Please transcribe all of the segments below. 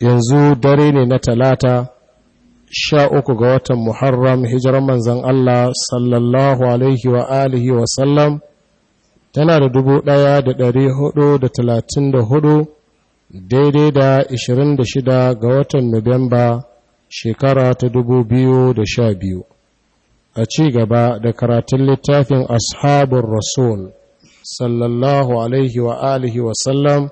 yanzu dare ne na talata sha uku ga watan muharram hijiran manzan Allah sallallahu alaihi wa alihi wa sallam tana da dubu ɗaya da dari hudu da talatin da hudu daidai da ishirin da shida ga watan nuwamba shekara ta dubu biyu da sha biyu a ci gaba da karatun littafin ashabun rasul sallallahu alaihi wa alihi wa sallam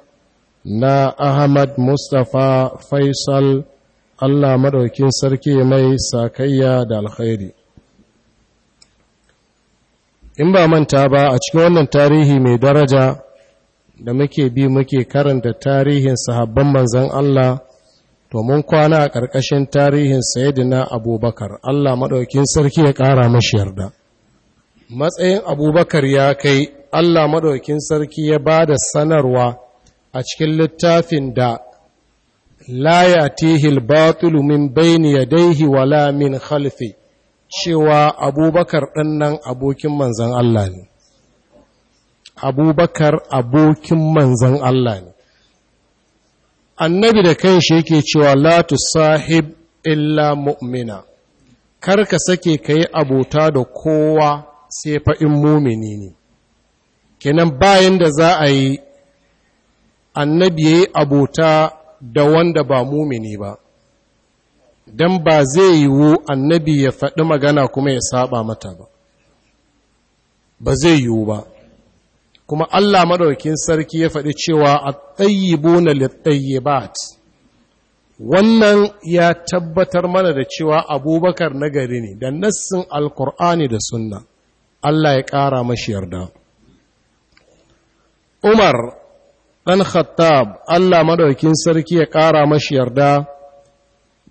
na Ahmad Mustapha Faisal Allah maɗaukin sarki mai sakayya da alkhairi. In ba manta ba a cikin wannan tarihi mai daraja da muke bi muke karanta tarihin sahabban manzan Allah to mun kwana a ƙarƙashin tarihin sayidina abubakar Allah maɗaukin sarki ya ƙara mashi yarda. Matsayin abubakar ya kai Allah maɗaukin sarki ya ba da sanarwa a cikin littafin da la ya al-batil min bayni yadayhi wala min khalfi cewa abubakar ɗan nan abokin manzan Allah ne abubakar abokin manzan Allah ne annabi da kanshi yake cewa la sahib illa mu'mina kar ka sake ka yi abota da kowa sai fa'in mumini ne kenan bayan da za a yi annabi ya yi abota da wanda ba mumini ba don ba zai yiwu annabi ya faɗi magana kuma ya saba mata ba ba zai yiwu ba kuma Allah maɗaukin sarki ya faɗi cewa a tsayyibuna ba wannan ya tabbatar mana da cewa abubakar nagari ne da nassin alkur'ani da sunna Allah ya ƙara mashi yarda Umar ɗan Khattab, Allah maɗaukin sarki ya ƙara mashi yarda,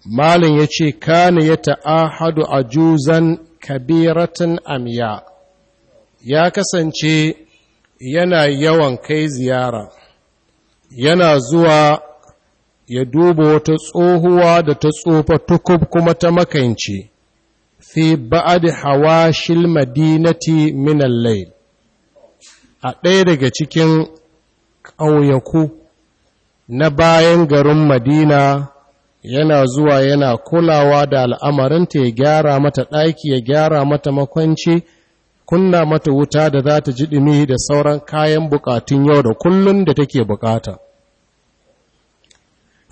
Malin ya ce, Kane ya ta'ahadu a juzan kabiratan amiya, ya kasance yana yawan kai ziyara, yana zuwa ya duba wata tsohuwa da ta tsofa tukub kuma ta makance, fi ba'ad hawa shil madinati minallai, a ɗaya daga cikin ƙauyaku na bayan garin madina yana zuwa yana kulawa da al'amarinta ya gyara mata ɗaki ya gyara mata makwanci kunna mata wuta da za ta ji ɗumi da sauran kayan buƙatun yau da kullum da take buƙata.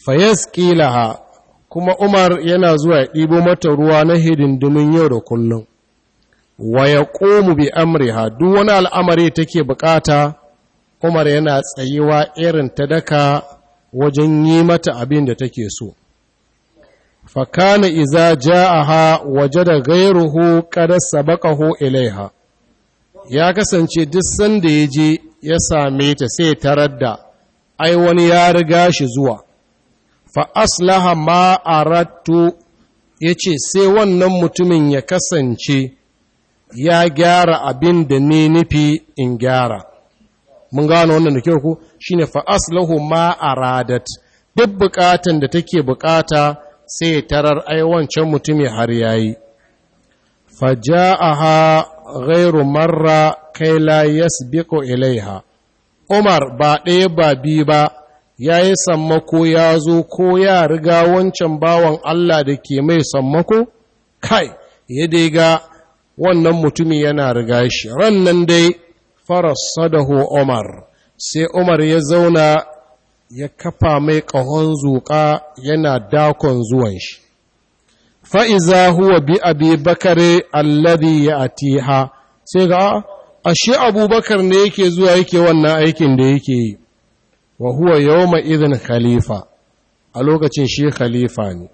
fayas ƙilaha kuma umar yana zuwa ya ɗibo mata ruwa na hidindimin yau da kullum wa ya ƙomu bi amriha duk wani al'amari take buƙata. Umar yana tsayiwa irin ta daka wajen yi mata abin da take so. Fakana iza ja'aha waje da gairuhu kada ilai ilaiha. Ya kasance duk sanda ya je ya same ta sai tarar da ai wani ya riga shi zuwa. Fa aslaha ma ya ce sai wannan mutumin ya kasance ya gyara abin da ne nufi in gyara. mun gano wannan da kyau ku shine fa aslahu ma aradat duk bukatan da take bukata sai tarar ai wancan mutumi har yayi faja'aha gairu marra kai la yasbiqu ilaiha Umar ba ɗaya ba biyu ba ya yi sammako ya zo ko ya riga wancan bawan Allah da ke mai sammako kai ya dai ga wannan mutumin yana riga shi Rannan dai hu, Umar sai Umar ya zauna ya kafa mai ƙahon zuƙa yana dakon zuwan shi fa'iza huwa bi abi bakare alladhi ya atiha sai ga shi abubakar ne yake zuwa yake wannan aikin da yake yi wa huwa yawma idhin khalifa a lokacin shi khalifa ne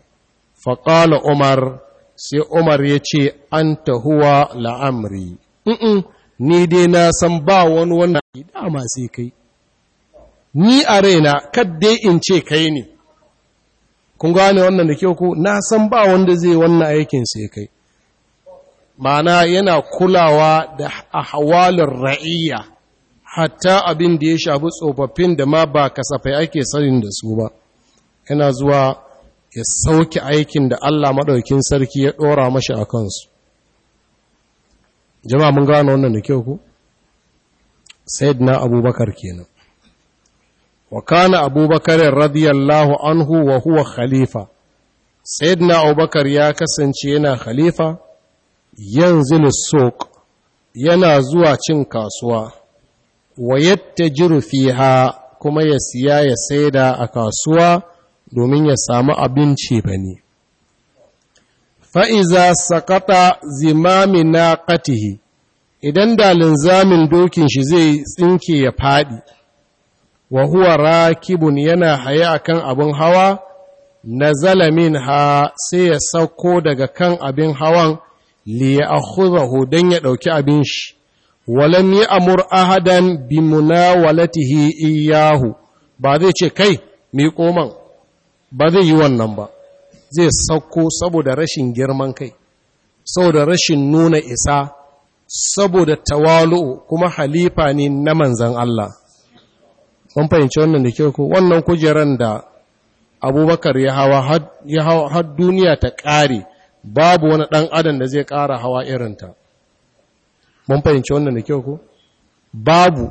faƙala umar sai umar ya ce an ta huwa la'amri ni dai na san ba wani wannan dama sai kai ni a raina kadde in ce kai ne kun gane wannan da kyau ku na san ba wanda zai wannan aikin sai kai ma'ana yana kulawa da ahwalin ra'iyya hatta abin da ya shafi tsofaffin da ma ba kasafai ake sanin da su ba yana zuwa ya sauke aikin da Allah maɗaukin sarki ya ɗora mashi a kansu jama'a mun gano wannan da kyau ku sayyidina abubakar kenan wa kana abubakar radiyallahu anhu wa huwa khalifa sayyidina abubakar ya kasance yana khalifa yanzu suq yana zuwa cin kasuwa wa yattajiru fiha kuma ya siya ya saida a kasuwa domin ya samu abinci bane fa'iza sakata zimami na ƙatihi, idan da linzamin dokin shi zai tsinke ya faɗi, wa huwa rakibun yana haye akan abin hawa, na zalamin ha sai ya sauko daga kan abin hawan liya a don ya ɗauki abin shi, walam yi amur ahadan bi munawalatihi iyahu, ba zai ce kai, mi koman, ba zai yi wannan ba. zai sauko saboda rashin girman kai saboda rashin nuna isa saboda tawalu kuma halifa ne na manzan Allah mun fahimci wannan da ke ko wannan kujeran da abubakar ya hawa har duniya ta ƙare babu wani ɗan adam da zai ƙara hawa irinta mun fahimci wannan da kyau ko babu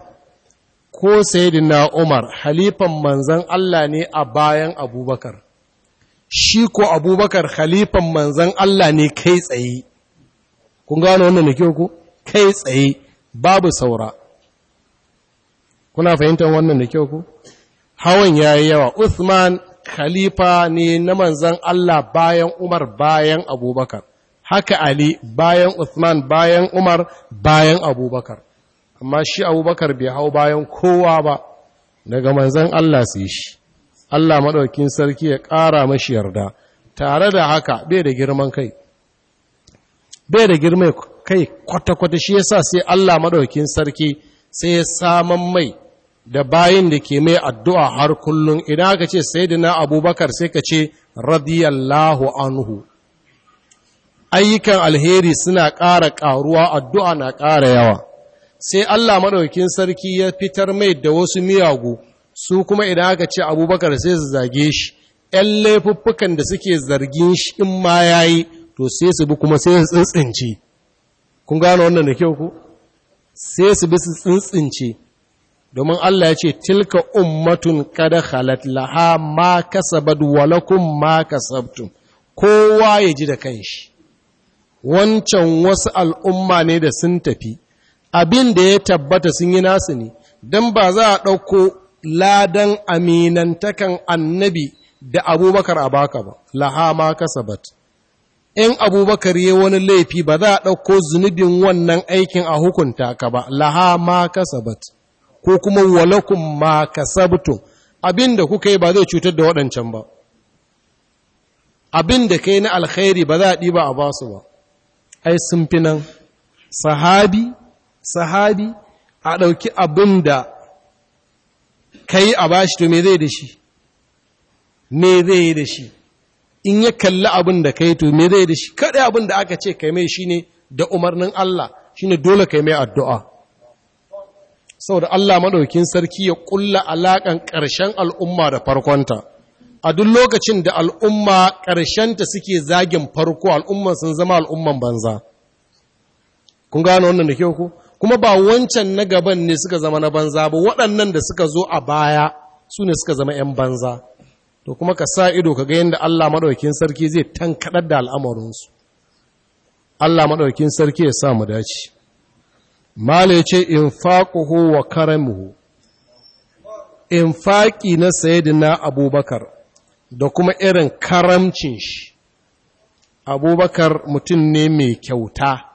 ko sayyidina umar halifan manzan Allah ne a bayan abubakar shi ko abubakar khalifan manzan Allah ne kai tsaye kun gano wannan da kyau ku kai tsaye babu saura kuna fahimtar wannan da kyau ku hawan yi yawa Uthman khalifa ne na manzan Allah bayan Umar bayan Abubakar haka Ali bayan Uthman bayan Umar bayan Abubakar amma shi Abubakar bai hau bayan kowa ba daga manzan Allah su yi shi Allah maɗaukin sarki ya ƙara mashi yarda tare da haka bai da girman kai bai da girman kai kwata-kwata shi ya sa, sai Allah maɗaukin sarki sai ya saman mai da bayin da ke mai addu'a har kullum idan aka ce sai da na abubakar sai ka ce radiyallahu anhu ayyukan alheri suna ƙara ƙaruwa addu'a na ƙara yawa sai Allah maɗaukin sarki ya fitar mai da wasu miyagu su kuma idan aka ce abubakar sai su zage shi ‘yan laifuffukan da suke zargin shi in ma ya yi to sai su bi kuma sai su tsintsince kun gano wannan da kyau ku sai su bi su tsintsince domin Allah ya ce tilka ummatun kada halat laha ma kasabat walakum ma kasabtum kowa ya ji da kanshi wancan wasu al'umma ne da sun tafi abin da ya tabbata sun yi nasu ne don ba za a ɗauko ladan aminantakan annabi da abubakar a baka ba laha ma kasabat in abubakar ya wani laifi ba za a ɗauko zunubin wannan aikin a hukunta ka ba laha ma kasabat ko kuma walakun ma kasabtum abin da kuka yi ba zai cutar da waɗancan ba abin kai na alkhairi ba za a ɗiba a basu ba ai sun fi nan sahabi a ɗauki abin da kai a bashi to me zai da shi me zai da shi in ya kalli abin da kai to me zai da shi kada abin da aka ce kai mai shine da umarnin Allah shine dole kai mai addu'a saboda Allah madaukin sarki ya ƙulla alakan ƙarshen al'umma da farkonta a duk lokacin da al'umma ƙarshenta suke zagin farko al'umma sun zama al'umman banza kun gano wannan da kyau ku kuma ba wancan na gaban ne suka zama na banza ba waɗannan da suka zo a baya su ne suka zama 'yan banza to kuma ka sa ido ka ga yadda Allah maɗaukin sarki zai tankaɗar da al'amarinsu Allah maɗaukin sarki ya sa mu dace mala ya ce ho wa karamuhu faƙi na na abubakar da kuma irin karamcin shi abubakar mutum ne mai kyauta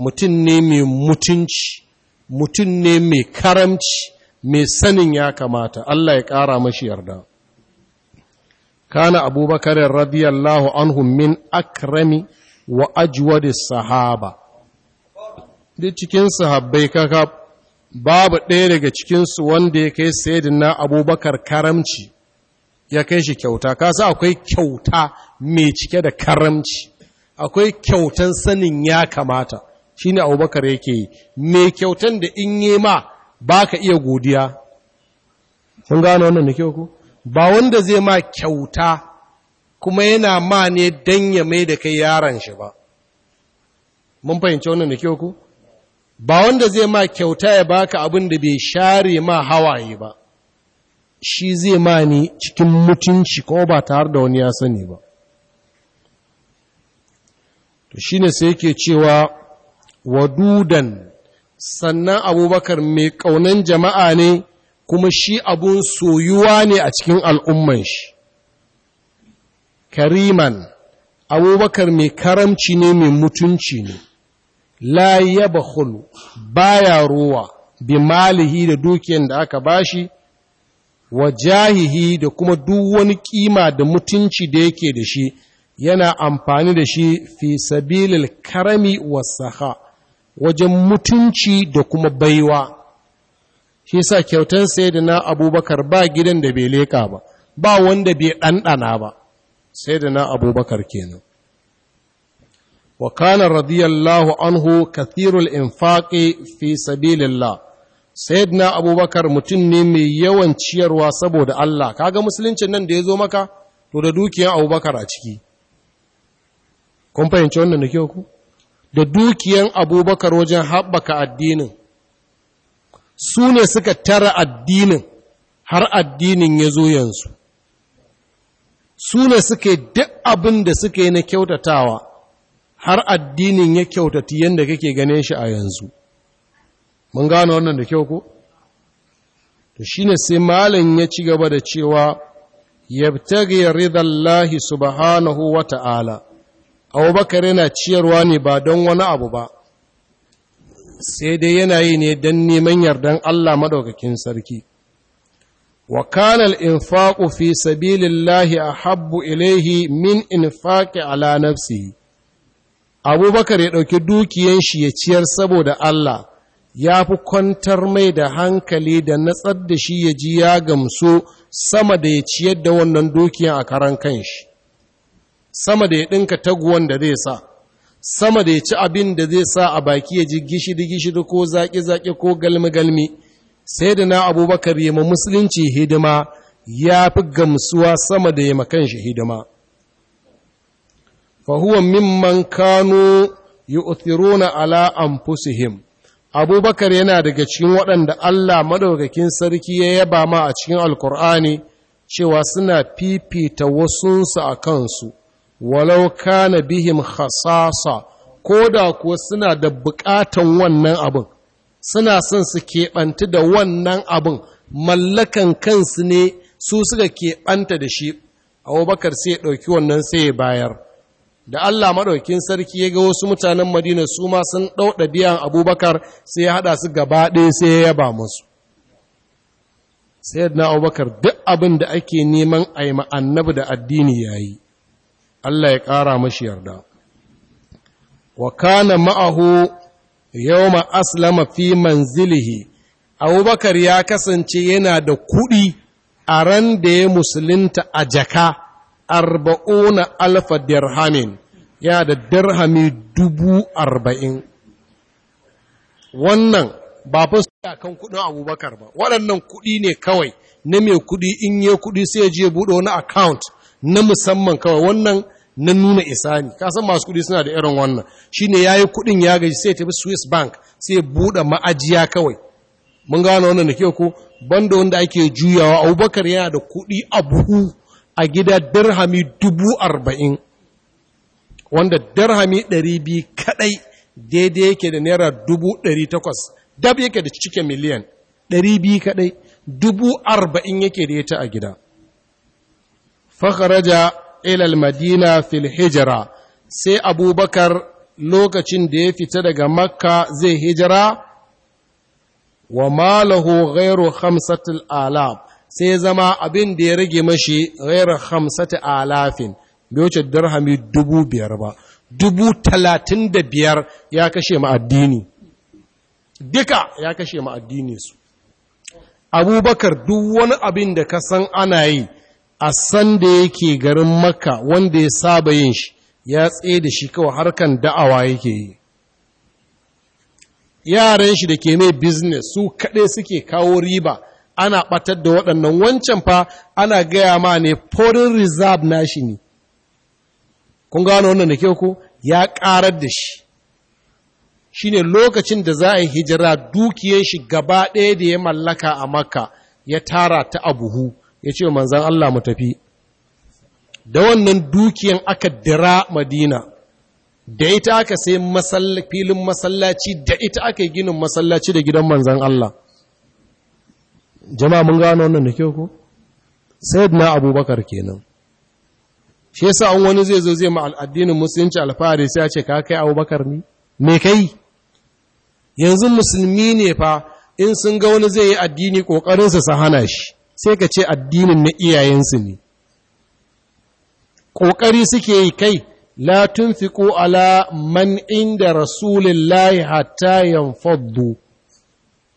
mutum ne mai mutunci mutum ne mai karamci mai sanin ya kamata Allah ya ƙara mashi yarda kana abubakar radiyallahu anhu min akrami wa ajwadi sahaba duk cikin sahabbai kaka babu ɗaya daga cikinsu wanda ya kai na abubakar karamci ya kai shi kyauta kasa akwai kyauta mai cike da karamci akwai kyautan sanin ya kamata ne abubakar yake yi me kyautan da in yi ma ba ka iya godiya Sun gano wannan da kyau ku ba wanda zai ma kyauta kuma yana ma ne dan ya mai da kai yaron shi ba mun fahimci wannan da kyau ku ba wanda zai ma kyauta ya baka abin da bai share ma hawaye ba shi zai ma ne cikin mutunci ko ba tare da wani ya sani ba to shine sai yake cewa wadudan sannan abubakar mai ƙaunan jama'a ne kuma shi abun soyuwa ne a cikin al'umman shi kariman abubakar mai karamci ne mai mutunci ne la ba baya ruwa bi malihi da dukiyan da aka bashi wa jahihi da kuma duk wani kima da mutunci da yake da shi yana amfani da shi fi sabilil karami wasaha wajen mutunci da kuma baiwa shi yasa kyautan sayyidina abubakar ba gidan da bai leka ba ba wanda bai ɗanɗana ba sayyidina abubakar kenan wa kana radiyallahu anhu kathirul infaqi fi sabilillah sayyidina abubakar mutum ne mai yawan ciyarwa saboda Allah kaga musuluncin nan da ya zo maka to da dukiyar abubakar a ciki kun fahimci wannan da kyau ku da dukiyan abubakar wajen haɓaka addinin su ne suka tara addinin har addinin ya zo yanzu su ne suke duk abin da suke na kyautatawa har addinin ya kyautati yadda kake ganin shi a yanzu mun gano wannan da kyau ko? to shi sai malin ya ci gaba da cewa yabtaghi ridallahi subhanahu wa ta'ala abubakar yana ciyarwa ne ba don wani abu ba sai dai yana yi ne don neman yardan Allah maɗaukakin sarki wa kana al fi sabilillahi habbu ilaihi min infaqi ala nafsi. abubakar ya ɗauki dukiyan shi ya ciyar saboda Allah ya fi kwantar mai da hankali da natsar da shi ya ji ya gamsu sama da ya ciyar da wannan dukiyan a karan kanshi sama da ya ɗinka taguwan da zai sa sama da ya ci abin da zai sa a baki ya ji gishiri-gishiri ko zaƙi-zaƙi ko galmi-galmi sai da na abubakar ya ma musulunci hidima ya fi gamsuwa sama da ya makan shi hidima fahuwan mimman kano yi yu'thiruna ala Fusihim abubakar yana daga cikin waɗanda allah maɗaukakin sarki ya yaba ma a cikin alkur'ani cewa suna fifita wasunsu a kansu walau kana bihim khasasa ko da kuwa suna da buƙatan wannan abin suna son su keɓanta da wannan abin mallakan kansu ne su suka keɓanta da shi abubakar sai ya ɗauki wannan sai ya bayar da Allah maɗaukin sarki ya ga wasu mutanen madina su ma sun ɗauɗa biyan abubakar sai ya haɗa su gaba ɗaya sai ya yaba musu sai na abubakar duk abin da ake neman a annabi da addini ya yi Allah ya ƙara mashi yarda wa kana ma'ahu yawma aslama fi manzilihi abubakar ya kasance yana da kuɗi a ran da ya musulunta a jaka arba'una alfa dirhamin ya da dirhami dubu arba'in wannan ba su ya kan kuɗin abubakar ba waɗannan kuɗi ne kawai na mai kuɗi in yi kuɗi sai je buɗe wani account na musamman kawai wannan na nuna isa ka san masu kudi suna da irin wannan ne ya yi kudin ya gaji sai tafi Swiss bank sai ya ma'ajiya kawai mun gano wannan da kyau ko banda wanda ake juyawa Abubakar yana da kudi a buhu a gida dubu arba'in, wanda ɗari biyu kadai daidai yake da naira takwas, dab yake da cike miliyan biyu kadai arba'in yake da ita a gida fakharaja ilal madina fil hijira sai abubakar lokacin da ya fita daga makka zai hijira wa malahu ghairu khamsatil alaf sai zama abin da ya rage mashi ghairu khamsati alafin bai wuce dirhami dubu biyar ba dubu talatin da biyar ya kashe ma addini duka ya kashe ma su abubakar duk wani abin da ka san ana yi a san da yake garin makka wanda ya saba yin shi ya tsaye da shi kawai harkan da'awa yake yi yaran shi da ke mai business su kaɗai suke kawo riba ana ɓatar da waɗannan wancan fa ana gaya ma ne foreign reserve na shi ne kun gano wannan da kyau ku? ya ƙarar da shi Shi ne lokacin da za a yi hijira dukiyar shi gaba ɗaya da ya mallaka a makka ya tara ta abuhu ya ce manzan Allah mu tafi da wannan dukiyan aka dira madina da ita aka sai filin masallaci da ita aka yi ginin masallaci da gidan manzan Allah jama'a mun gano wannan da kyau ko sai na abubakar kenan shi yasa an wani zai zo zai ma al'addinin musulunci alfahari sai ya ce ka kai abubakar ne me kai yanzu musulmi ne fa in sun ga wani zai yi addini kokarin su hana shi sai ka ce addinin na iyayensu ne ƙoƙari suke yi kai la fi ala man inda rasulillahi hatta yanfaddu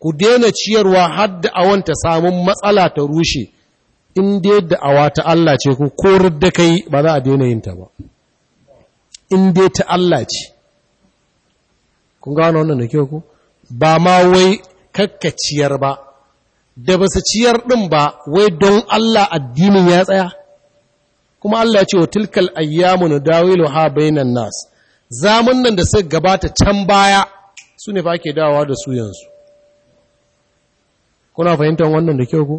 ku daina ciyarwa hadda awon ta samun matsala ta rushe in dai da'awa ta Allah ce ku korar da kai ba za a daina yin ta ba in dai ta Allah ce kun gano wannan da kyau ku ba ma wai kakkaciyar ba da ba su ciyar ɗin ba wai don Allah addinin ya tsaya kuma Allah ya ce wa tilkal ayyamu na dawilu ha bainan nas zamun nan da suka gabata can baya su ne fa ake da su yanzu kuna fahimtar wannan da kyau ku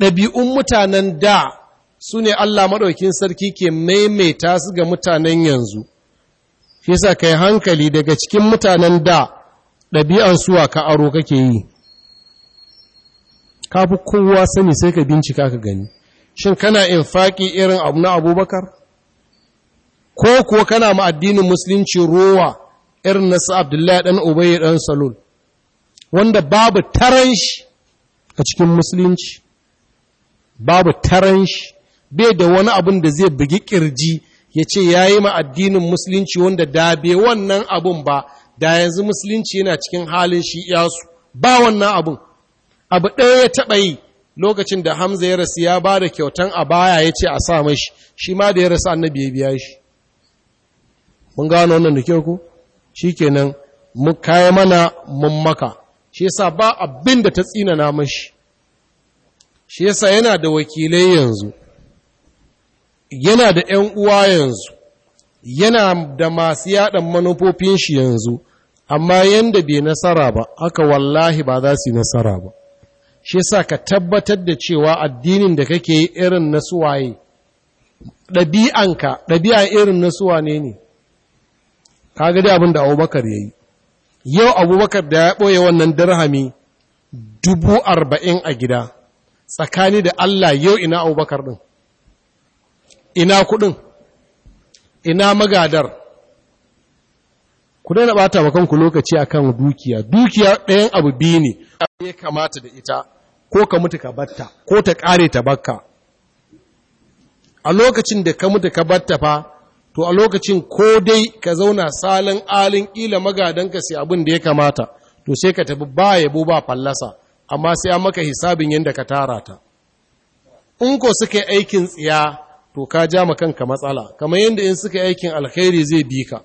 ɗabi'un mutanen da su ne Allah maɗaukin sarki ke maimaita su ga mutanen yanzu shi yasa kai hankali daga cikin mutanen da ɗabi'an suwa ka aro kake yi ka fi kowa sani sai ka bincika ka gani shin kana infaki irin abu na abubakar ko kuwa kana ma addinin musulunci rowa irin na su abdullahi ɗan ubayi ɗan salul wanda babu taran shi a cikin musulunci babu taran shi bai da wani abun da zai bugi kirji ya ce ya yi ma addinin musulunci wanda da bai wannan abun ba da yanzu musulunci yana cikin halin shi iyasu ba wannan abun abu ɗaya ya taɓa yi lokacin da hamza ya rasu ya ba da kyautan a baya ya ce a sa mashi shi ma da ya rasu annabi ya biya shi mun gano wannan da kyau ku shi kenan mu kaya mana mun maka shi yasa ba abin da ta tsina mashi shi yasa yana da wakilai yanzu yana da ‘yan uwa yanzu yana da masu yaɗan manufofin shi yanzu amma yanda bai nasara ba haka wallahi ba za su yi nasara ba shi yasa ka tabbatar da cewa addinin da kake yi irin na suwaye ɗabi'anka ɗabi'a irin na suwane ne ka ga dai abin da abubakar ya yi yau abubakar da ya ɓoye wannan darhami dubu arba'in a gida tsakani da allah yau ina abubakar ɗin ina kuɗin ina magadar ku daina ɓata wa kanku lokaci akan dukiya dukiya ɗayan abu biyu ne ya kamata da ita ko ka mutu ka batta ko ta ƙare ta bakka a lokacin da ka mutu ka batta fa to a lokacin ko dai ka zauna salin alin ƙila ka sai abin da ya kamata to sai ka tafi ba yabo ba fallasa amma sai an maka hisabin yadda ka tara ta in ko suka yi aikin tsiya to ka ja ma kanka matsala kamar yadda in suka yi aikin alkhairi zai bi ka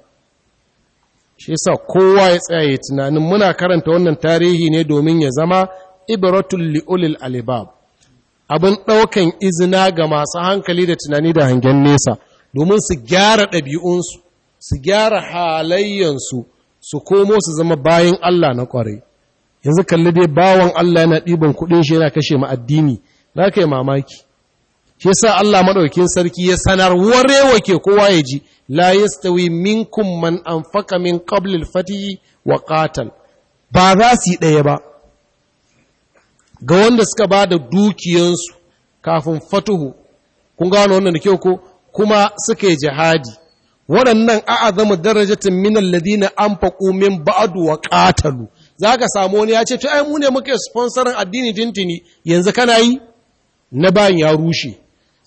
shi yasa kowa ya tsaya ya tunanin muna karanta wannan tarihi ne domin ya zama ibaratul li'ulil alibab abin ɗaukan izina ga masu hankali da tunani da hangen nesa domin su gyara ɗabi'unsu su gyara halayyansu su komo su zama bayan Allah na ƙwarai yanzu kalli dai bawan Allah yana ɗiban kuɗin shi yana kashe ma addini za ka yi mamaki shi sa Allah maɗaukin sarki ya sanar warewa ke kowa ya ji la yastawi minkum man anfaqa min qabl al wa qatal ba za su yi ɗaya ba ga wanda suka ba da dukiyansu kafin fatuhu kun gano wannan da kyau ko kuma suka yi jihadi waɗannan a'azamu darajatin na an faƙo min ba'adu wa Za ka samu wani ya ce ta ai ne muke sponsorin addini tintini yanzu kana yi na bayan ya rushe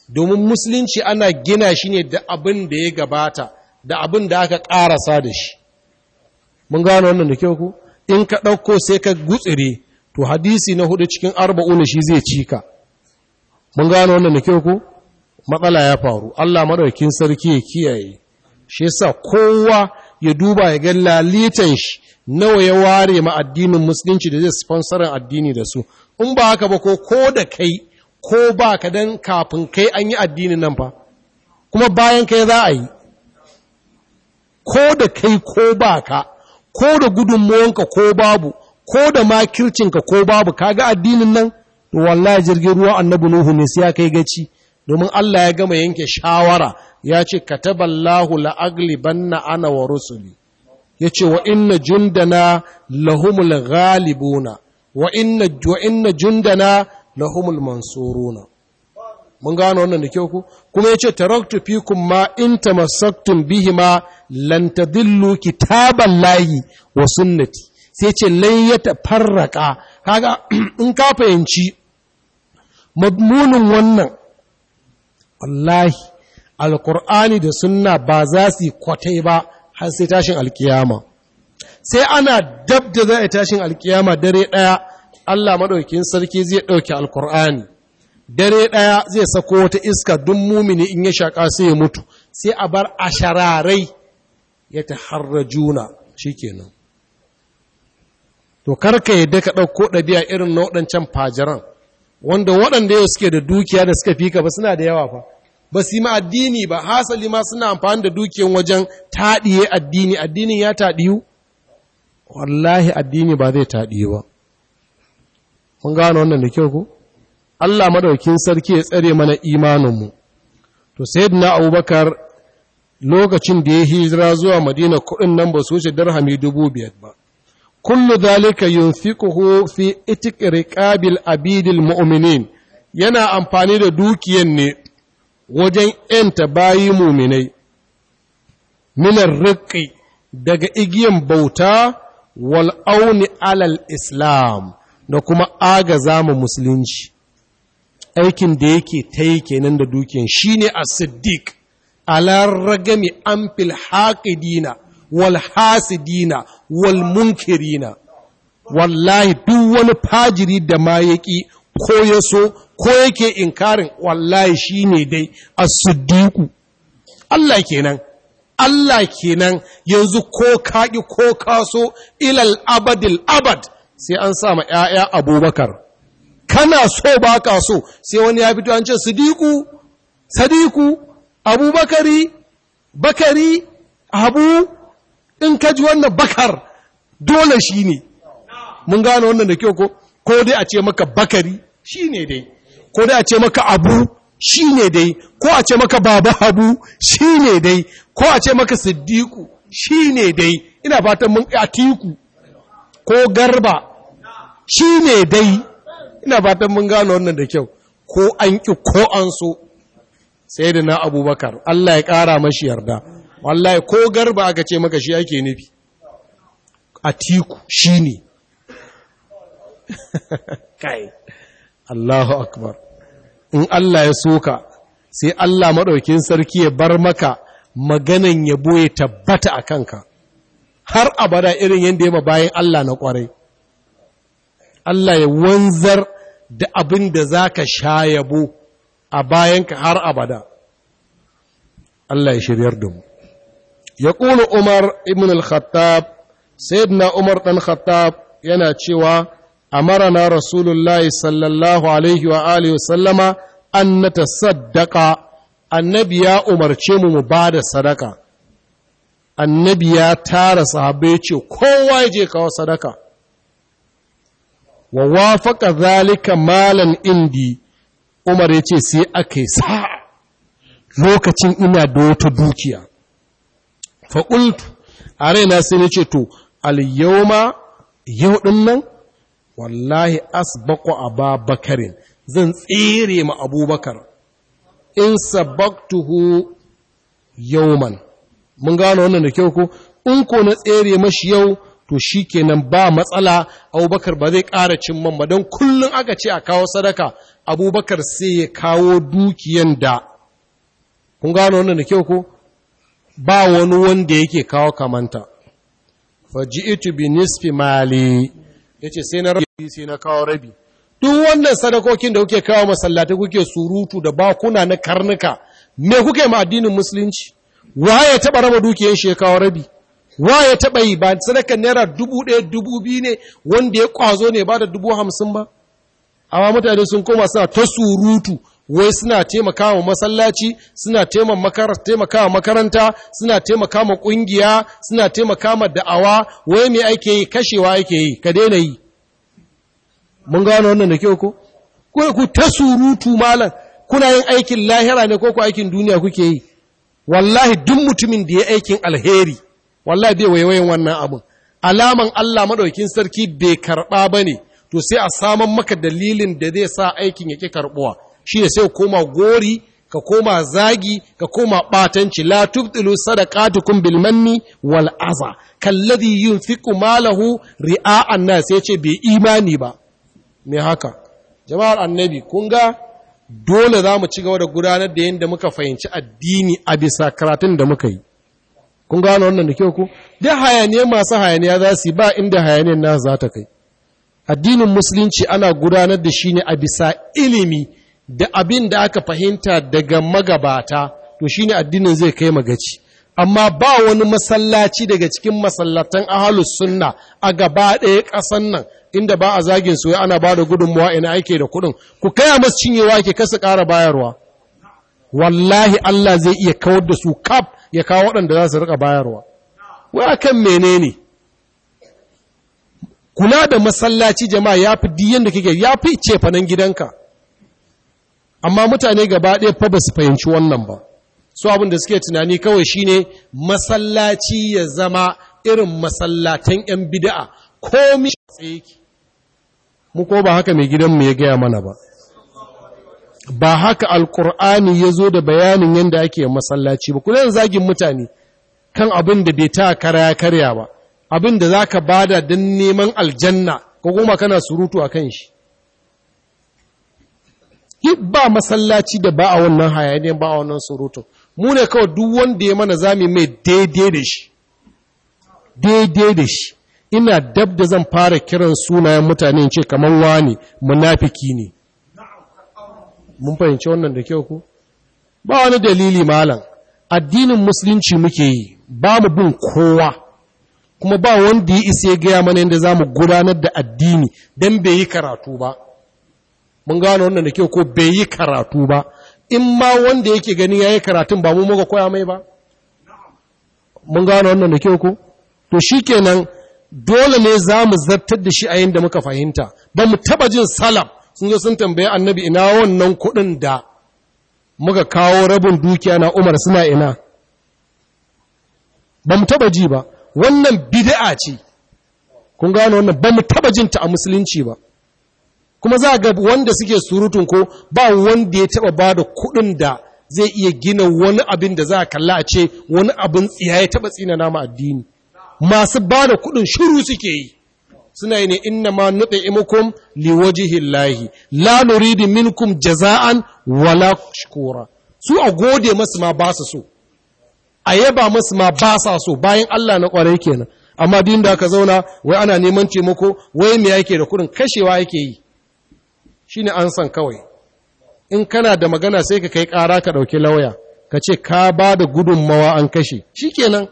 domin musulunci ana gina shi ne da abin da ya gabata da abin da aka ƙarasa da shi mun gano wannan da kyau ku in ka ɗauko sai ka gutsire to hadisi na hudu cikin arba'una shi zai cika mun gano wannan na kyau ko matsala ya faru Allah madaukin sarki ya kiyaye shi yasa kowa ya duba ya ga lalitan shi nawa ya ware ma addinin musulunci da zai sponsorin addini da su in ba haka ba ko ko da kai ko ba ka dan kafin kai an yi addinin nan fa kuma bayan kai za a yi ko da kai ko ba ka ko da gudunmuwanka ko babu ko da makircinka ko babu kaga addinin nan to wallahi jirgin ruwa annabi nuhu ne sai ya kai gaci domin Allah ya gama yanke shawara ya ce kataballahu la'aglibanna ana wa rusuli ya ce wa inna jundana lahumul ghalibuna wa inna wa inna jundana lahumul mansuruna mun gano wannan da kyau ku kuma yace taraktu fikum ma in tamassaktum bihima lan tadillu kitaballahi wa sunnati sai ce lai ya kaga in ka fahimci madmunin wannan wallahi alkur'ani da sunna ba za su kwatai ba har sai tashin alkiyama sai ana dab da za a tashin alkiyama dare ɗaya Allah maɗaukin sarki zai ɗauki alkur'ani dare ɗaya zai sako wata iska duk mumini in ya shaƙa sai ya mutu sai a bar a ya ta harrajuna shi kenan to karka yadda ka ɗauko ɗabi'a irin na waɗancan fajiran wanda waɗanda yau suke da dukiya da suka fika ba suna da yawa fa ba su yi ma addini ba hasali ma suna amfani da dukiyan wajen taɗiye addini addinin ya taɗiyu wallahi addini ba zai taɗiyu ba mun gano wannan da kyau ko Allah madaukin sarki ya tsare mana imaninmu to sayyidina Abubakar lokacin da ya hijira zuwa Madina kuɗin nan ba su wuce dubu biyar ba kullu dhalika yunfiquhu fi itiq riqabil abidil mu'minin yana amfani da dukiyan ne wajen ‘yanta bayi muminai, minar riƙi daga igiyan bauta wal'auni alal Islam da kuma agaza musulunci. Aikin da yake ta yi kenan da dukiyan shi ne a Siddiq, alar ragami an fil walhasidina walmunkirina wallahi duk wani fajiri da ma yaƙi ko ya so ko yake inkarin wallahi shine dai as-siddiqu Allah kenan Allah kenan yanzu ko kaƙi ko kaso ilal abadil abad sai an sa ma ‘ya'ya abubakar. Kana so ba ka so sai wani ya fito an ce sadiku, sadiku, abubakari, bakari, abu, in ka ji wannan bakar dole shi ne mun gane wannan da kyau ko ko dai a ce maka bakari shi ne dai ko dai a ce maka abu shi ne dai ko a ce maka baba abu shi ne dai ko a ce maka siddiku shi ne dai ina fatan mun atiku ko garba shi ne dai ina fatan mun gane wannan da kyau ko an ki ko an so sai da na abubakar Allah ya ƙara mashi yarda wallahi ko garba aka ce maka shi ake nufi atiku ne kai Allahu akbar in Allah ya so ka, sai Allah maɗaukin sarki ya bar maka maganan yabo ya tabbata a kanka har abada irin yadda ya bayan Allah na ƙwarai Allah ya wanzar da abin da za ka sha yabo a bayanka har abada Allah ya shiryar da mu ya ƙulu umar ibn al-khattab sayyidina umar ɗan khattab yana cewa amarana rasulullahi sallallahu alaihi wa alihi sallama an na annabi ya umarce mu mu ba da sadaka annabi ya tara sahabbai ce kowa ya je kawo sadaka wa wafaka zalika Malam indi umar ya ce sai aka sa lokacin ina da wata dukiya faƙultu a raina sai na ce to al-yawma yau ɗin nan wallahi asbaku ababakarin zan tsere ma abubakar in sabaktuhu man. mun gano wannan da kyau ko in ko na tsere mashi yau to shi kenan ba matsala abubakar ba zai ƙara cin man ba don kullum aka ce a kawo sadaka abubakar sai ya kawo dukiyan da kun gano wannan da kyau ko ba wani wanda yake kawo kamanta Faji itu bi nisfi mali yace sai na rabi sai na kawo rabi duk wannan sadakokin da kuke kawo masallatai kuke surutu da bakuna na karnuka me kuke ma addinin musulunci waye taba raba dukiyar shi ya kawo rabi waye taba yi ba sadakar naira dubu ɗaya dubu biyu ne wanda ya kwazo ne ba da dubu hamsin ba amma mutane sun koma sa ta surutu wai suna taimaka wa masallaci suna taimaka makaranta suna taimaka ƙungiya suna taimaka da'awa wai me ake yi kashewa ake yi ka daina yi mun gano wannan da kyau ko kuwa ku ta surutu malam kuna yin aikin lahira ne ko ku aikin duniya kuke yi wallahi duk mutumin da ya aikin alheri wallahi bai waiwayin wannan abun alaman Allah maɗaukin sarki bai karɓa ba ne. to sai a saman maka dalilin da zai sa aikin ya ƙi karbuwa shi ne sai koma gori ka koma zagi ka koma batanci la tubtilu sadaqatukum bil manni wal aza kalladhi yunfiqu malahu ri'a an-nas sai bai imani ba me haka jama'ar annabi kun ga dole zamu ci gaba da gudanar da yanda muka fahimci addini a bisa karatun da muka yi kun gano wannan da kyau ko? duk hayaniya masu hayaniya za su ba inda hayaniyar na za ta kai addinin musulunci ana gudanar da shi ne a bisa ilimi da abin da aka fahimta daga magabata to shine addinin zai kai magaci amma ba wani masallaci daga cikin masallatan ahalus sunna a gaba ɗaya ƙasan nan inda ba a zagin soya ana ba da gudunmawa ina ake da kuɗin ku kaya masu cinyewa ke kasa ƙara bayarwa wallahi Allah zai iya kawar da su kaf ya kawo waɗanda za su riƙa bayarwa wai akan menene kula da masallaci jama'a ya fi diyan da kike ya fi cefanen gidanka amma mutane gaba ɗaya fa ba su fahimci wannan ba su abin da suke tunani kawai shine masallaci ya zama irin masallatan 'yan bida'a komi tsaye mu ko ba haka mai gidan mu ya gaya mana ba ba haka alkur'ani ya zo da bayanin yadda ake masallaci ba kula zagin mutane kan abin da bai ta karya karya ba abin da za ka bada don neman aljanna ko kuma kana surutu a kan shi Iba ba masallaci da ba a wannan hayaniyar ba a wannan surutun mu ne kawai duk wanda ya mana zami mai daidai da shi daidai da shi ina dab da zan fara kiran sunayen mutane ce kamar wani munafiki ne mun fahimci wannan da kyau ku ba wani dalili malam addinin musulunci muke yi ba mu bin kowa kuma ba wanda ya isa ya gaya mana yadda za mu gudanar da addini don bai yi karatu ba mun gano wannan da kyau ko bai yi karatu ba in ma wanda yake gani ya yi karatun ba mu muka koya mai ba mun gano wannan da kyau ko to shi kenan dole ne za mu zartar da shi a yin da muka fahimta ba mu taba jin salam sun zo sun tambaye annabi ina wannan kuɗin da muka kawo rabin dukiya na umar suna ina ba mu taba ji ba wannan bid'a ce kun gano wannan ba mu taba jinta a musulunci ba kuma za ga wanda suke surutun ko ba wanda ya taba ba da kuɗin da zai iya gina wani abin da za a kalla a ce wani abin tsiya ya taba tsina nama addini masu ba da kuɗin shiru suke yi suna yi ne inna ma nuɗe imakon liwajihin lahi la nuridi minkum jaza'an wala shukura su a gode masu ma ba so a yaba masu ma basa so bayan Allah na ƙwarai kenan amma din da aka zauna wai ana neman taimako wai me yake da kuɗin kashewa yake yi Shi ne an ansan kawai in kana da magana sai ka kai ƙara ka ɗauki lauya ka ce ka ba da gudunmawa an kashe shi shikenan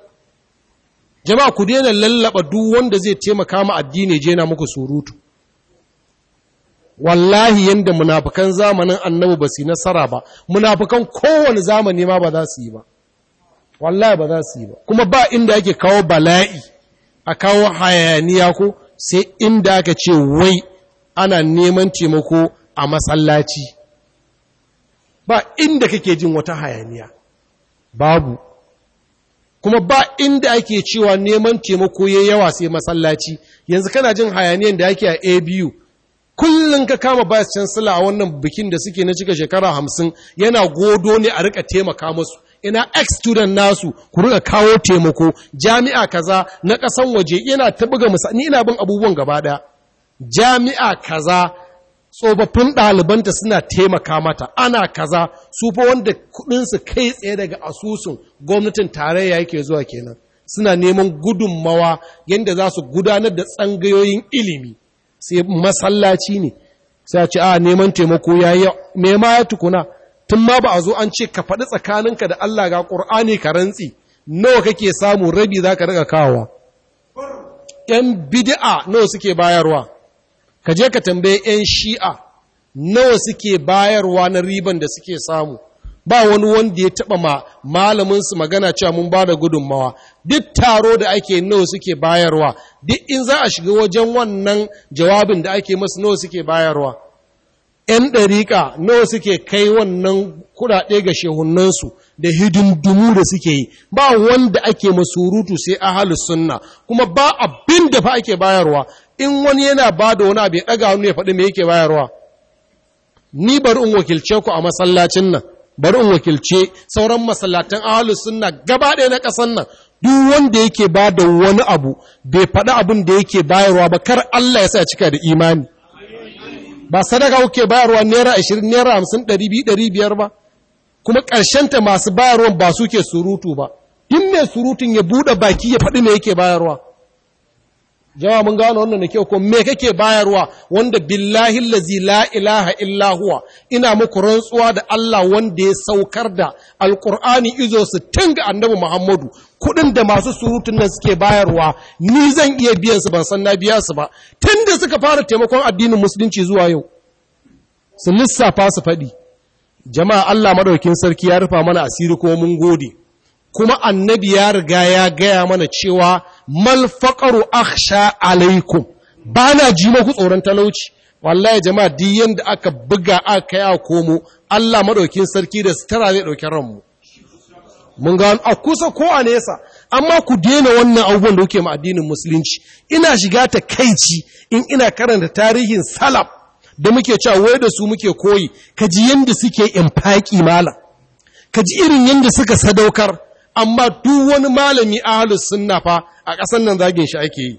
jama'a ku daina lallaba duk wanda zai taimaka ma addini jena muku surutu wallahi yadda munafukan zamanin annabu ba su yi nasara ba munafukan kowane zamani ma ba za su yi ba wallahi ba za su yi ba kuma ba inda ake kawo bala'i a kawo hayaniya ko sai inda aka ce wai ana neman taimako a masallaci ba inda kake jin wata hayaniya babu kuma ba inda ake cewa neman taimako ya yawa sai masallaci yanzu kana jin hayaniyan da ake a abu kullum ka kama bayas chancellor a wannan bikin da suke na cika shekara hamsin yana godo ne a rika taimaka masu ina ex-student nasu ku rika kawo taimako jami'a kaza na ƙasan waje yana ta buga misali ina bin abubuwan gaba ɗaya jami'a kaza tsofaffin ɗalibanta suna taimaka mata ana kaza su fa wanda kuɗinsu kai tsaye daga asusun gwamnatin tarayya yake zuwa kenan suna neman gudunmawa yadda za su gudanar da tsangayoyin ilimi sai masallaci ne sai a ce a neman taimako ya yi nema ya tukuna tun ma ba a zo an ce ka faɗi tsakaninka da Allah ga ƙur'ani ka rantsi nawa kake samu rabi za ka riƙa kawowa Ƴan bidi'a nawa suke bayarwa ka je ka tambaye 'yan shi'a nawa suke bayarwa na riban da suke samu ba wani wanda ya taba ma malaminsu magana cewa mun ba da gudunmawa duk taro da ake nawa suke bayarwa duk in za a shiga wajen wannan jawabin da ake masu nawa suke bayarwa 'yan ɗariƙa nawa suke kai wannan kuɗaɗe ga shehunansu da hidindumu da suke yi ba wanda ake masurutu sai ahalus sunna kuma ba abin da fa ake bayarwa in wani yana ba da wani abu ya ɗaga hannu ya faɗi me yake bayarwa ni bari in wakilce ku a masallacin nan bari in wakilce sauran masallatan ahalus sunna gaba ɗaya na ƙasar nan duk wanda yake ba da wani abu bai faɗi abin da yake bayarwa ba kar Allah ya sa cika da imani ba sadaka kuke bayarwa naira ashirin naira hamsin ɗari biyu ɗari biyar ba kuma ta masu bayarwa ba suke surutu ba in mai surutun ya buɗe baki ya faɗi me yake bayarwa jama'a mun gano wannan da kyau ko me kake bayarwa wanda billahi allazi la ilaha illa huwa ina muku rantsuwa da Allah wanda ya saukar da alqur'ani izo 60 ga annabi Muhammadu kudin da masu surutun nan suke bayarwa ni zan iya biyan su ban san na biya su ba tunda suka fara taimakon addinin musulunci zuwa yau su lissafa su faɗi jama'a Allah madaukin sarki ya rufa mana asiri ko mun gode kuma annabi ya riga ya gaya mana cewa mal Aksha, alaikum ba na ji maku tsoron talauci wallahi jama'a di yanda aka buga aka ya komo Allah maɗaukin sarki da sitara zai ɗauki ranmu mun ga a kusa ko a nesa amma ku daina wannan abubuwan da kuke ma addinin musulunci ina shiga ta kaici in ina karanta tarihin salaf da muke cewa wai da su muke koyi kaji yanda suke infaki malam kaji irin yanda suka sadaukar amma duk wani malami ahlus sunna fa a ƙasan nan zagin shi ake yi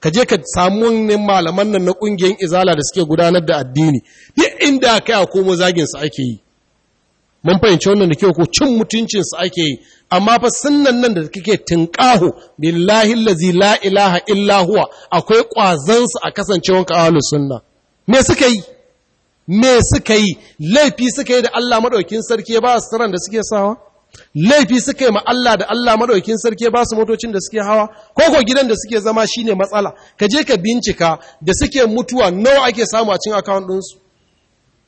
ka je ka samu ne malaman nan na ƙungiyar izala da suke gudanar da addini duk inda kai a komo zagin su ake yi mun fahimci wannan da kyau ko cin mutuncin su ake yi amma fa sunan nan da kake tinqahu billahi allazi la ilaha illa huwa akwai ƙwazansu su a kasancewan ka ahlus sunna me suka yi me suka yi laifi suka yi da Allah madaukin sarki ba su da suke sawa laifi suka yi ma Allah da Allah madaukin sarki ba su motocin da suke hawa ko ko gidan da suke zama shine matsala ka je ka bincika da suke mutuwa nawa ake samu a cikin account ɗinsu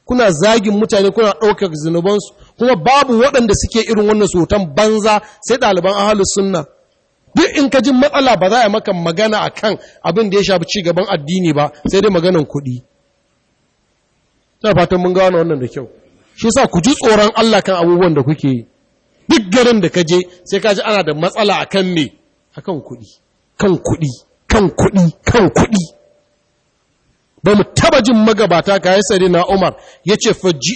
kuna zagin mutane kuna ɗaukar zunubansu kuma babu waɗanda suke irin wannan sotan banza sai ɗaliban ahalus sunna duk in ka ji matsala ba za a maka magana a kan abin da ya shafi ci gaban addini ba sai dai maganan kuɗi ta fatan mun gano wannan da kyau shi yasa ku ji tsoron Allah kan abubuwan da kuke yi duk garin da ka je sai ka ji ana da matsala a kan me a kan kuɗi kan kuɗi kan kuɗi kan kuɗi ba mu taba jin magabata ka yi na umar ya ce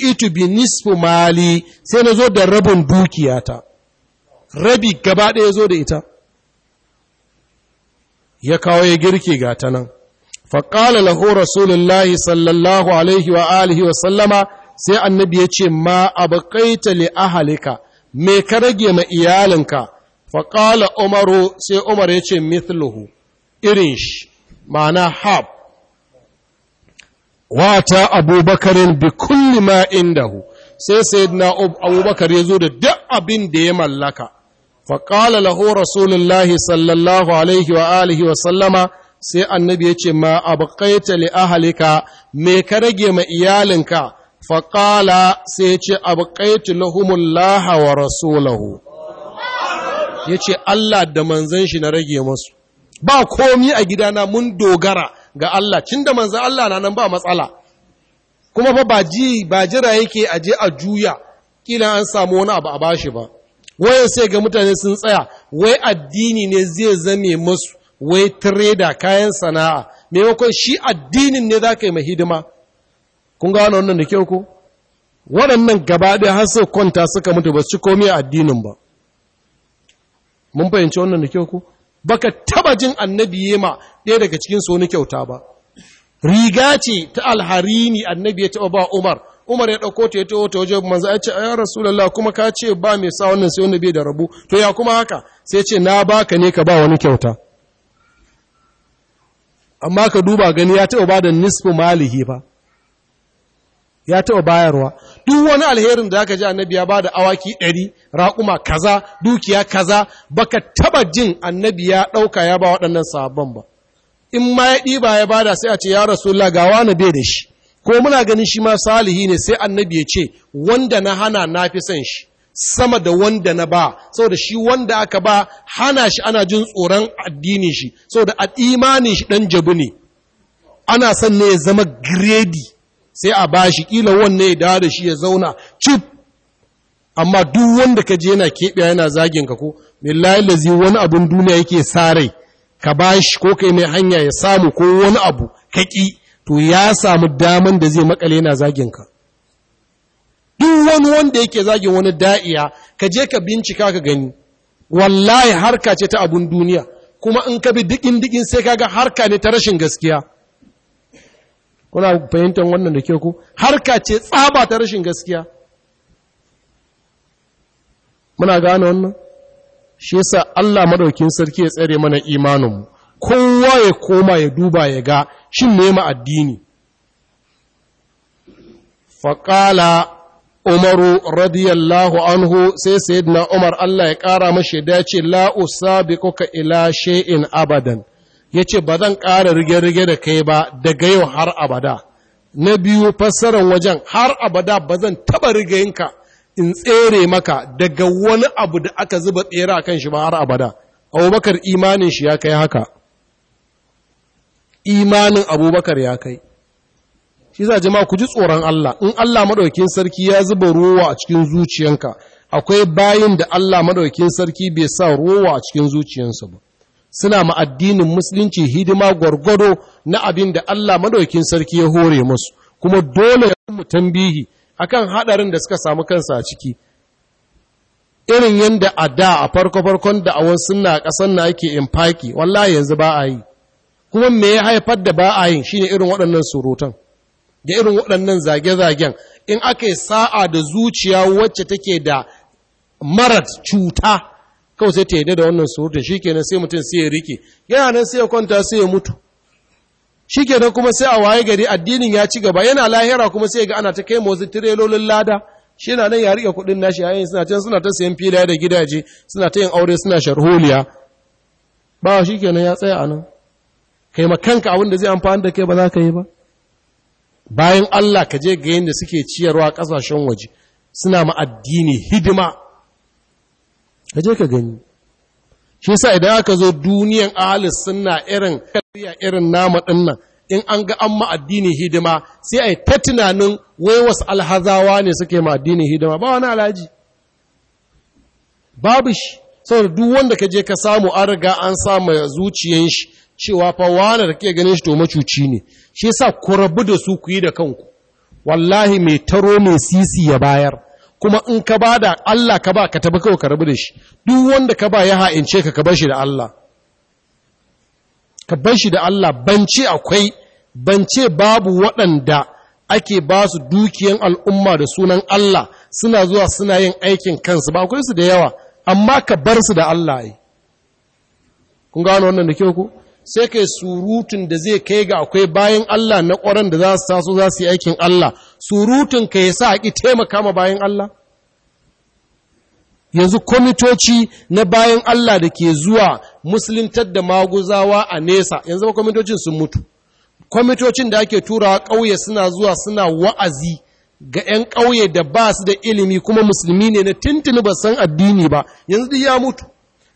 itu bi nisfu mali sai na zo da rabin dukiyata rabi gaba ɗaya zo da ita ya kawo ya girki ga ta nan faƙala lahu rasulullahi sallallahu alaihi wa alihi wa sallama sai annabi ya ce ma abu kaita li ahalika me ka rage ma iyalinka qala umaru sai umar yace ce mithluhu irin shi ma'ana hab wata abubakarin bi kulli ma indahu sai sayyidina abubakar yazo da duk abin da ya mallaka faƙala lahu rasulullahi sallallahu alaihi wa alihi wa sallama sai annabi yace ce ma abqaita li ahlika me ka rage ma iyalinka faƙala sai ce abƙaitu lahumullaha wa rasulahu ya ce Allah da manzan shi na rage masu ba komi a gidana mun dogara ga Allah cin da manzan Allah na nan ba matsala kuma fa ba jira yake aje a juya kila an samu wani abu a bashi ba wayan sai ga mutane sun tsaya wai addini ne zai zame masu wai tireda kayan sana'a maimakon shi addinin ne za ka yi hidima. kun gano wannan da kyau ko waɗannan gaba ɗaya har sai kwanta suka mutu ba su ci komai a addinin ba mun fahimci wannan da kyau ko baka taba jin annabi yema ɗaya daga cikin su wani kyauta ba riga ce ta alharini annabi ya taba ba Umar Umar ya ɗauko ta ya taho ta waje manzo ya ce ya Rasulullah kuma ka ce ba mai sa wannan sai wanda bai da rabu to ya kuma haka sai ce na baka ne ka ba wani kyauta amma ka duba gani ya taba ba da nisfu malihi ba ya taɓa bayarwa duk wani alherin da aka ji annabi ya bada awaki ɗari raƙuma kaza dukiya kaza baka taɓa jin annabi ya ɗauka ya ba waɗannan sahabban ba in ma ya ɗiba ya bada sai a ce ya rasulullah ga wani bai da shi ko muna ganin shi ma salihi ne sai annabi ya ce wanda na hana na fi son shi sama da wanda na ba saboda shi wanda aka ba hana shi ana jin tsoron addinin shi saboda imanin shi ɗan jabu ne ana son ne ya zama giredi sai a ba shi kila wanne ya dawo da shi ya zauna cif amma duk wanda ka je yana keɓe yana zagin ka ko billahi lazi wani abin duniya yake sa rai ka shi ko kai mai hanya ya samu ko wani abu ka ƙi, to ya samu daman da zai makale yana zagin ka duk wani wanda yake zagin wani da'iya ka je ka bincika ka gani wallahi harka ce ta abin duniya kuma in ka bi dikin dikin sai ga harka ne ta rashin gaskiya kuna fahimtar wannan da ke ku harka ce tsaba ta rashin gaskiya muna gane wannan shi yasa Allah madaukin sarki ya tsare mana imaninmu kowa ya koma ya duba ya ga shin nema addini faƙala umaru radiyallahu anhu sai sayyidina umar Allah ya kara mashi da ya ce la usabiquka ila shay'in abadan ya ce ba zan ƙara rige-rige da kai ba daga yau har abada na biyu fassarar wajen har abada ba zan taɓa rigayinka in tsere maka daga wani abu da aka zuba tsere a kan shi ba har abada abubakar imanin shi ya kai haka imanin abubakar ya kai shi za jama ku ji tsoron Allah in Allah maɗaukin sarki ya zuba ruwa a cikin zuciyanka akwai bayin da Allah maɗaukin sarki bai sa ruwa a cikin zuciyansa ba suna ma addinin musulunci hidima gwargwado na abin da Allah madaukin sarki ya hore musu kuma dole mu tambihi akan hadarin da suka samu kansa a ciki irin yadda a da a farko-farkon da'awar suna ƙasar na yake in faki wallahi yanzu ba a yi kuma me ya haifar da ba a yi shine irin waɗannan surutan da irin waɗannan zage-zagen in aka yi sa'a da zuciya wacce take da marat cuta kawai sai ta yi da wannan surutun shi kenan sai mutum sai ya rike yana nan sai ya kwanta sai ya mutu shi kenan kuma sai a waye gari addinin ya ci gaba yana lahira kuma sai ga ana ta kai motsi tirelolin lada shi na nan ya rike kuɗin nashi yayin suna can suna ta sayan filaye da gidaje suna ta yin aure suna sharholiya ba shi kenan ya tsaya a nan kai ma kanka abin da zai amfani da kai ba za ka yi ba bayan Allah ka je ga yadda suke ciyarwa ƙasashen waje suna ma addini hidima ka je ka gani shi sa idan aka zo duniyan ahalis suna irin kariya irin nama dinnan in an ga an ma addini hidima sai a yi ta tunanin wai wasu alhazawa ne suke ma addini hidima ba wani alhaji babu shi saboda duk wanda ka je ka samu an riga an samu zuciyan shi cewa fa wani da ke ganin shi to macuci ne shi sa ku rabu da su ku yi da kanku wallahi mai taro mai sisi ya bayar kuma in ka ba da Allah ka ba ka tabi kawai ka rabu da shi duk wanda ka ba ya ha'ince ka ka bar shi da Allah ka bar da Allah bance akwai bance babu waɗanda ake ba su dukiyan al'umma da sunan Allah suna zuwa suna yin aikin kansu ba akwai su da yawa amma ka bar su da Allah ai kun gano wannan da kyau ku sai kai surutun da zai kai ga akwai bayan Allah na ƙwaron da za su taso za su yi aikin Allah surutunka ya sa a ƙi taimaka ma bayan Allah? Yanzu kwamitoci na bayan Allah da ke zuwa musulintar da maguzawa a nesa, yanzu ba kwamitocin sun mutu. Kwamitocin da ake turawa ƙauye suna zuwa suna wa'azi ga ‘yan ƙauye da ba su da ilimi kuma musulmi ne na tintini ba san addini ba, yanzu ya mutu.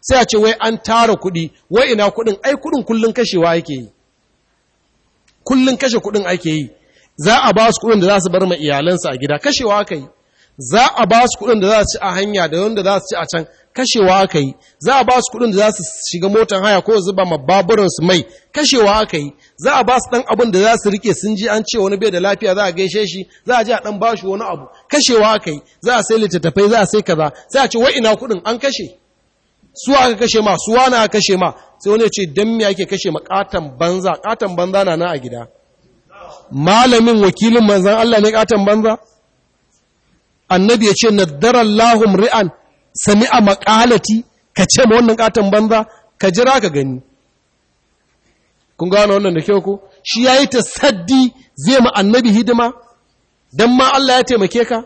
Sai a ce wai an tara kuɗi, wai ina kuɗin, ai kuɗin kullum kashewa ake yi. Kullum kashe kuɗin ake yi. za a ba su kuɗin da za su bar ma iyalansu a gida kashewa aka yi za a ba su kuɗin da za su ci a hanya da wanda za su ci a can kashewa aka yi za a ba su kuɗin da za su shiga motar haya ko zuba ma baburansu mai kashewa aka yi za a ba su ɗan abin da za su rike sun ji an ce wani bai da lafiya za a gaishe shi za a ji a dan ba shi wani abu kashewa aka yi za a sai littattafai za a sai kaza sai a ce ina kuɗin an kashe su aka kashe ma su wani aka kashe ma sai wani ya ce dan me ake kashe ma katan banza katan banza na na a gida malamin wakilin manzan Allah ne katon banza annabi ya ce lahun ri'an sami'a makalati, ka ce ma wannan katon banza ka jira ka gani kun gano wannan da kyau ku? shi ya yi ta saddi zai ma annabi hidima dan ma Allah ya taimake ka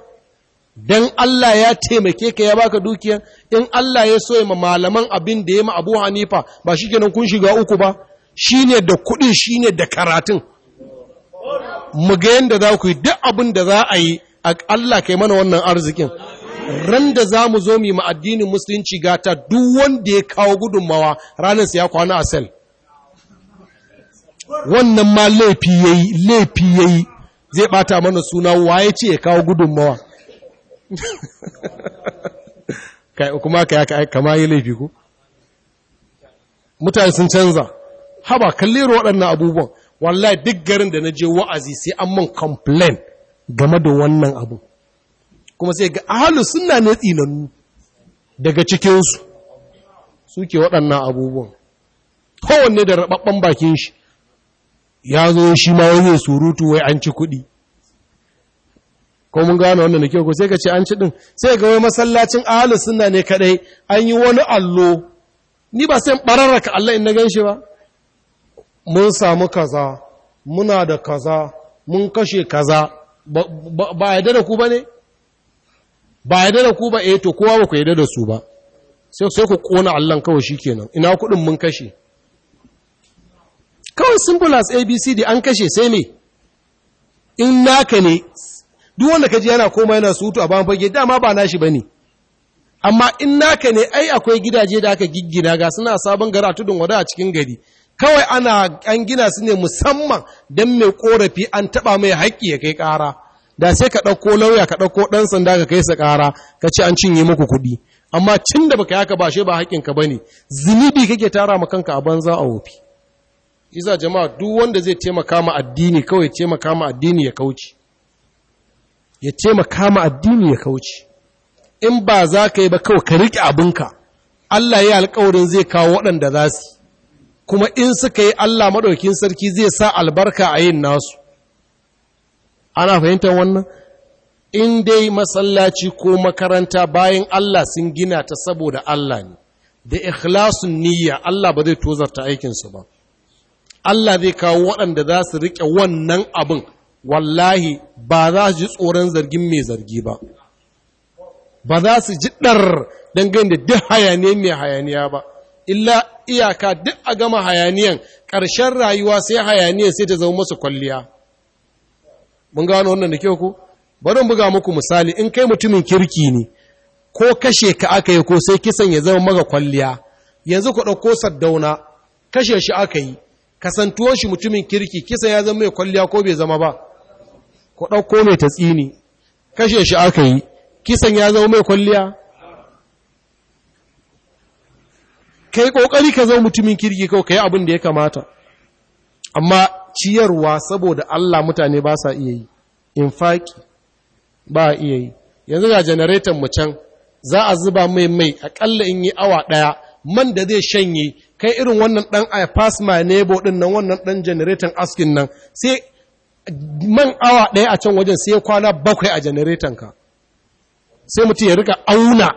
dan Allah ya taimake ka ya baka dukiya in Allah ya so ma malaman abin da ya ma Abu Hanifa ba shi nan kun shiga uku ba shi ne da kuɗin ne da karatun mu ga yadda za ku yi duk abin da za a yi a Allah kai mana wannan arzikin ran da za mu zo mu yi addinin musulunci gata duk wanda ya kawo gudunmawa ranar ya kwana a sel wannan ma laifi yayi laifi yayi zai bata mana suna waye ce ya kawo gudunmawa kuma ka yaka kama yi laifi ku mutane sun canza haba kalli waɗannan abubuwan wallahi duk garin da na je wa'azi sai an man complain game da wannan abu kuma sai ga ahalu suna na tsinanu daga cikinsu suke waɗannan abubuwan kowanne da rababben bakin shi ya zo shi ma wani surutu wai an ci kuɗi ko mun gano wannan da kyau sai ka ce an ci ɗin sai ga wai masallacin ahalu suna ne kaɗai an yi wani allo ni ba sai ɓararraka Allah in na gan shi ba mun samu kaza muna da kaza mun kashe kaza ba yadda da ku ba ne ba yadda da ku ba eh to kowa ba ku yadda da su ba sai sai ku kona allon kawai shi kenan, ina kudin mun kashe kawai simbolas abcd an kashe sai me in naka ne duk wanda kaji yana koma yana sutu a bayan fage dama ba nashi ba ne. amma in naka ne ai akwai gidaje da aka giggina ga suna sabon gara tudun wada a cikin gari kawai ana an gina su ne musamman don mai korafi an taba mai haƙƙi ya kai ƙara da sai ka ɗauko lauya ka ɗauko ɗan sanda ka kai sa ƙara ka ce an cinye muku kuɗi amma cin da baka yaka ba shi ba haƙƙinka ba ne zunubi kake tara ma kanka a banza a wofi isa jama'a duk wanda zai taimaka ma addini kawai taimaka ma addini ya kauce ya taimaka ma addini ya kauce in ba za ka yi ba kawai ka riƙe abinka Allah ya alƙawarin zai kawo waɗanda za su kuma in suka yi Allah maɗaukin sarki zai sa albarka a yin nasu ana fahimtar wannan in dai masallaci ko makaranta bayan Allah sun gina ta saboda Allah ne da ikhlasun niyya Allah ba zai tozarta aikinsu ba Allah zai kawo waɗanda za su riƙe wannan abin wallahi ba za su ji tsoron zargin mai zargi ba ba za su ji ɗar dangane da duk hayaniya mai hayaniya ba illa iyaka duk a gama hayaniyan ƙarshen rayuwa sai hayaniyan sai ta zama masu kwalliya mun gano wannan da kyau ku bari buga muku misali in kai mutumin kirki ne ko kashe ka aka yi ko sai kisan ya zama maka kwalliya yanzu ku ɗauko saddauna kashe shi aka yi kasantuwan shi mutumin kirki kisan ya zama mai kwalliya ko bai zama ba ku ɗauko mai tatsini kashe shi aka yi kisan ya zama mai kwalliya kai kokari ka zama mutumin kirki kawai kai abin da ya kamata amma ciyarwa saboda Allah mutane ba sa iya yi infaki ba iya yi yanzu ga generator mu can za a zuba mai mai akalla in yi awa ɗaya, man da zai shanye kai irin wannan dan i pass my neighbor din nan wannan dan generator askin nan sai man awa ɗaya a can wajen sai kwana bakwai a generator ka sai mutum ya rika auna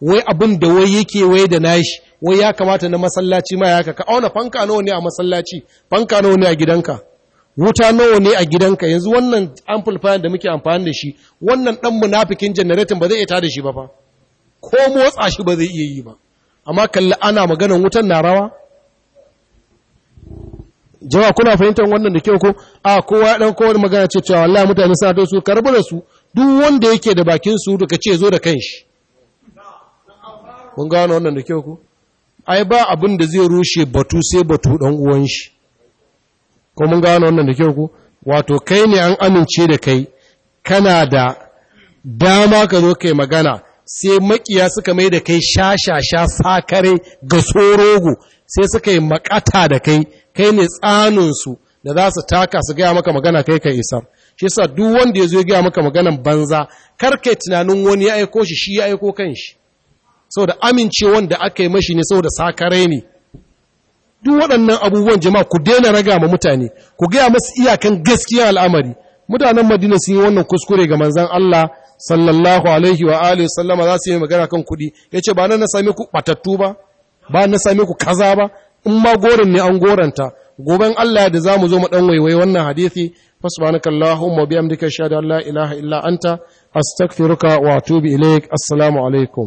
wai abin da wai yake wai da nashi wai ya kamata na masallaci ma ya ka auna fanka nawa ne a masallaci fanka nawa ne a gidanka wuta nawa ne a gidanka yanzu wannan amplifier da muke amfani da shi wannan dan munafikin generator ba zai iya da shi ba fa ko motsa shi ba zai iya yi ba amma kalli ana maganar wutan na rawa jama'a kuna fahimtar wannan da kyau ko a kowa ya dan kowa magana ce cewa wallahi mutane suna da su karbu da su duk wanda yake da bakin su duka ce zo da kanshi mun gano wannan da kyau ku ai ba abin da zai rushe batu sai batu dan uwan shi ko mun gano wannan da kyau ku wato kai ne an amince da kai kana da dama ka zo kai magana sai makiya suka mai da kai shashasha sakare ga tsorogo sai suka yi makata da kai kai ne tsanonsu da za su taka su gaya maka magana kai ka isa. shi sa duk wanda ya zo gaya maka maganan banza kar tunanin wani ya aiko shi shi ya aiko kan shi. saboda amincewan da aka yi mashi ne saboda sakare ne duk waɗannan abubuwan jama'a ku daina raga ma mutane ku gaya masu iyakan gaskiya al'amari mutanen madina sun yi wannan kuskure ga manzan Allah sallallahu alaihi wa alihi sallama za su yi magana kan kuɗi ya ce ba na na same ku ɓatattu ba ba na same ku kaza ba in ma gorin ne an goranta goben Allah da za mu zo mu ɗan waiwai wannan hadithi فسبحانك اللهم وبحمدك اشهد ان لا اله الا انت wa واتوب اليك السلام عليكم